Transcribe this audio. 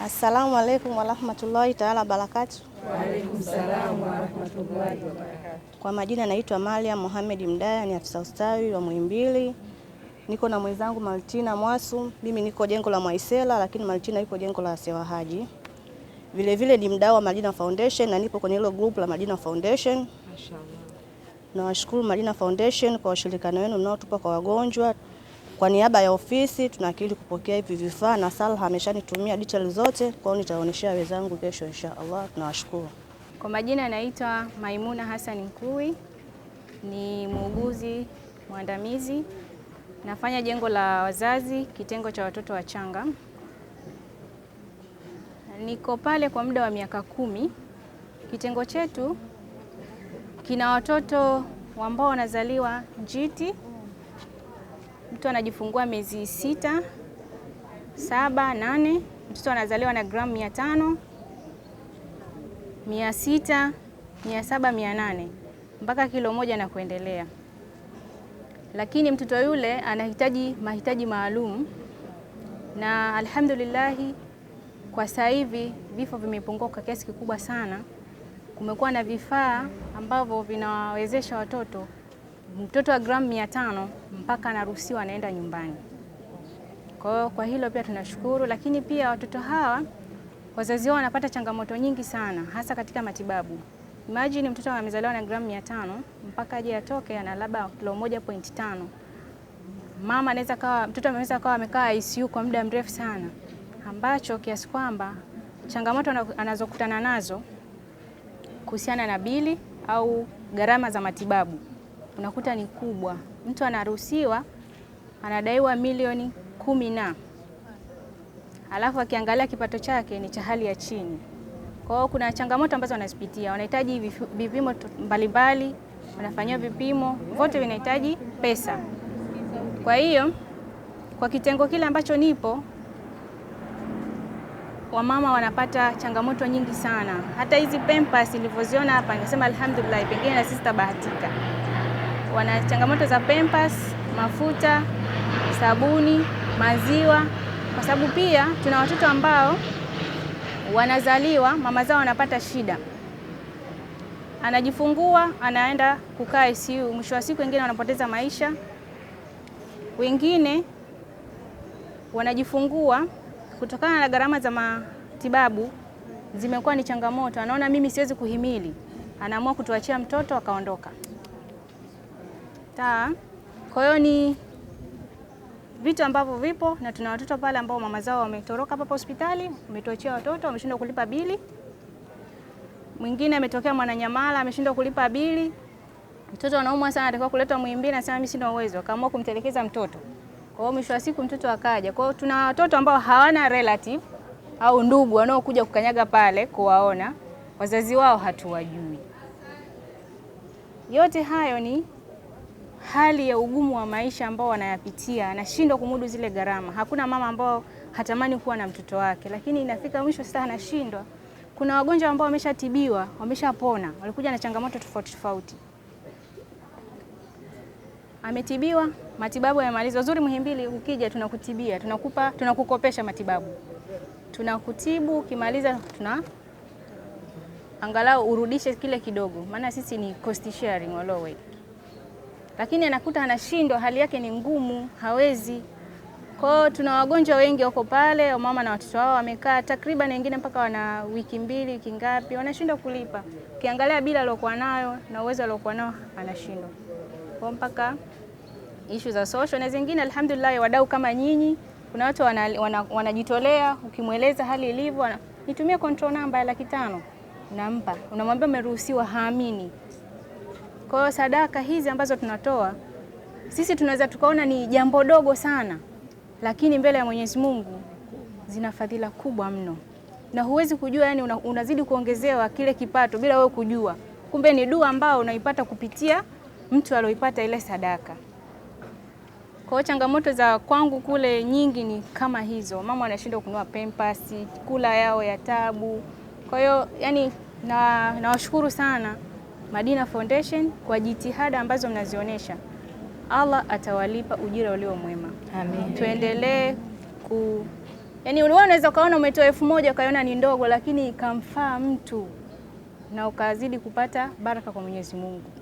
Assalamu alaikum warahmatullahi taala wabarakatu. salamu Kwa majina naitwa Mariam Mohamed Mdaya, ni afisa ustawi wa Muhimbili. Niko na mwenzangu Martina Mwasu. Mimi niko jengo la Mwaisela, lakini Martina yuko jengo la Sewahaji. Vile vile ni mdau wa Madina Foundation na nipo kwenye hilo group la Madina Foundation. Mashaallah. Nawashukuru Madina Foundation kwa ushirikiano wenu mnaotupa kwa wagonjwa. Kwa niaba ya ofisi tunakili kupokea hivi vifaa na Salha ameshanitumia details zote, kwao nitaonyeshea wenzangu kesho inshaallah. Tunawashukuru. Kwa majina anaitwa Maimuna Hassan Nkui, ni muuguzi mwandamizi, nafanya jengo la wazazi, kitengo cha watoto wachanga. Niko pale kwa muda wa miaka kumi. Kitengo chetu kina watoto ambao wanazaliwa njiti mtu anajifungua miezi sita, saba, nane, mtoto anazaliwa na gramu mia tano, mia sita, mia saba, mia nane mpaka kilo moja na kuendelea. Lakini mtoto yule anahitaji mahitaji maalum, na alhamdulillahi kwa sasa hivi vifo vimepungua kwa kiasi kikubwa sana. Kumekuwa na vifaa ambavyo vinawawezesha watoto mtoto wa gramu mia tano mpaka anaruhusiwa anaenda nyumbani. Kwa hiyo kwa hilo pia tunashukuru, lakini pia watoto hawa wazazi wao wanapata changamoto nyingi sana, hasa katika matibabu. Imagine mtoto amezaliwa na gramu mia tano mpaka aje atoke ana labda kilo moja point tano mama anaweza kawa, mtoto anaweza kawa amekaa ICU kwa muda mrefu sana, ambacho kiasi kwamba changamoto anazokutana nazo kuhusiana na bili au gharama za matibabu unakuta ni kubwa. Mtu anaruhusiwa anadaiwa milioni kumi na alafu akiangalia kipato chake ni cha hali ya chini. Kwa hiyo kuna changamoto ambazo wanazipitia, wanahitaji vipimo mbalimbali, wanafanyiwa vipimo, vote vinahitaji pesa. Kwa hiyo kwa kitengo kile ambacho nipo wamama wanapata changamoto nyingi sana. Hata hizi pempas nilivyoziona hapa, nikasema alhamdulillah, pengine na sisi tabahatika wana changamoto za pempas mafuta, sabuni, maziwa, kwa sababu pia tuna watoto ambao wanazaliwa mama zao wanapata shida, anajifungua anaenda kukaa ICU, mwisho wa siku wengine wanapoteza maisha, wengine wanajifungua kutokana na gharama za matibabu zimekuwa ni changamoto, anaona mimi siwezi kuhimili, anaamua kutuachia mtoto akaondoka taa. Kwa hiyo ni vitu ambavyo vipo, na tuna watoto pale ambao mama zao wametoroka hapa hospitali, wametuachia watoto, wameshindwa kulipa bili. Mwingine ametokea Mwananyamala, ameshindwa kulipa bili, mtoto anaumwa sana, anatakiwa kuletwa Muhimbili, anasema mimi sina uwezo, akaamua kumtelekeza mtoto. Kwa hiyo mwisho wa siku mtoto akaja. Kwa hiyo tuna watoto ambao hawana relative au ndugu wanaokuja kukanyaga pale kuwaona, wazazi wao hatuwajui. Yote hayo ni hali ya ugumu wa maisha ambao wanayapitia, anashindwa kumudu zile gharama. Hakuna mama ambao hatamani kuwa na mtoto wake, lakini inafika mwisho sasa anashindwa. Kuna wagonjwa ambao wameshatibiwa, wameshapona, walikuja na changamoto tofauti tofauti, ametibiwa, matibabu yamemalizwa. Uzuri Muhimbili, ukija tunakutibia, tunakupa, tunakukopesha matibabu, tunakutibu, ukimaliza tuna angalau urudishe kile kidogo, maana sisi ni cost sharing all the way lakini anakuta anashindwa, hali yake ni ngumu, hawezi. Kwao tuna wagonjwa wengi wako pale, mama na watoto wao wamekaa takriban, wengine mpaka wana wiki mbili, wiki ngapi, wanashindwa kulipa. Ukiangalia bila aliokuwa nayo na uwezo aliokuwa nao, anashindwa kwao, mpaka ishu za social na zingine. Alhamdulillah, wadau kama nyinyi, kuna watu wanajitolea, wana, wana ukimweleza hali ilivyo, nitumie control namba ya laki tano, nampa, unamwambia umeruhusiwa, haamini kwa hiyo sadaka hizi ambazo tunatoa sisi tunaweza tukaona ni jambo dogo sana, lakini mbele ya Mwenyezi Mungu zina fadhila kubwa mno, na huwezi kujua, yani unazidi kuongezewa kile kipato bila wewe kujua. Kumbe ni dua ambao unaipata kupitia mtu alioipata ile sadaka. Kwa hiyo changamoto za kwangu kule nyingi ni kama hizo, mama anashindwa kununua pempasi, kula yao ya tabu. Kwa hiyo yani nawashukuru na sana Madina Foundation kwa jitihada ambazo mnazionyesha. Allah atawalipa ujira ulio mwema. Amen. Tuendelee ku yaani, wewe unaweza ukaona umetoa elfu moja ukaiona ni ndogo, lakini ikamfaa mtu na ukazidi kupata baraka kwa Mwenyezi Mungu.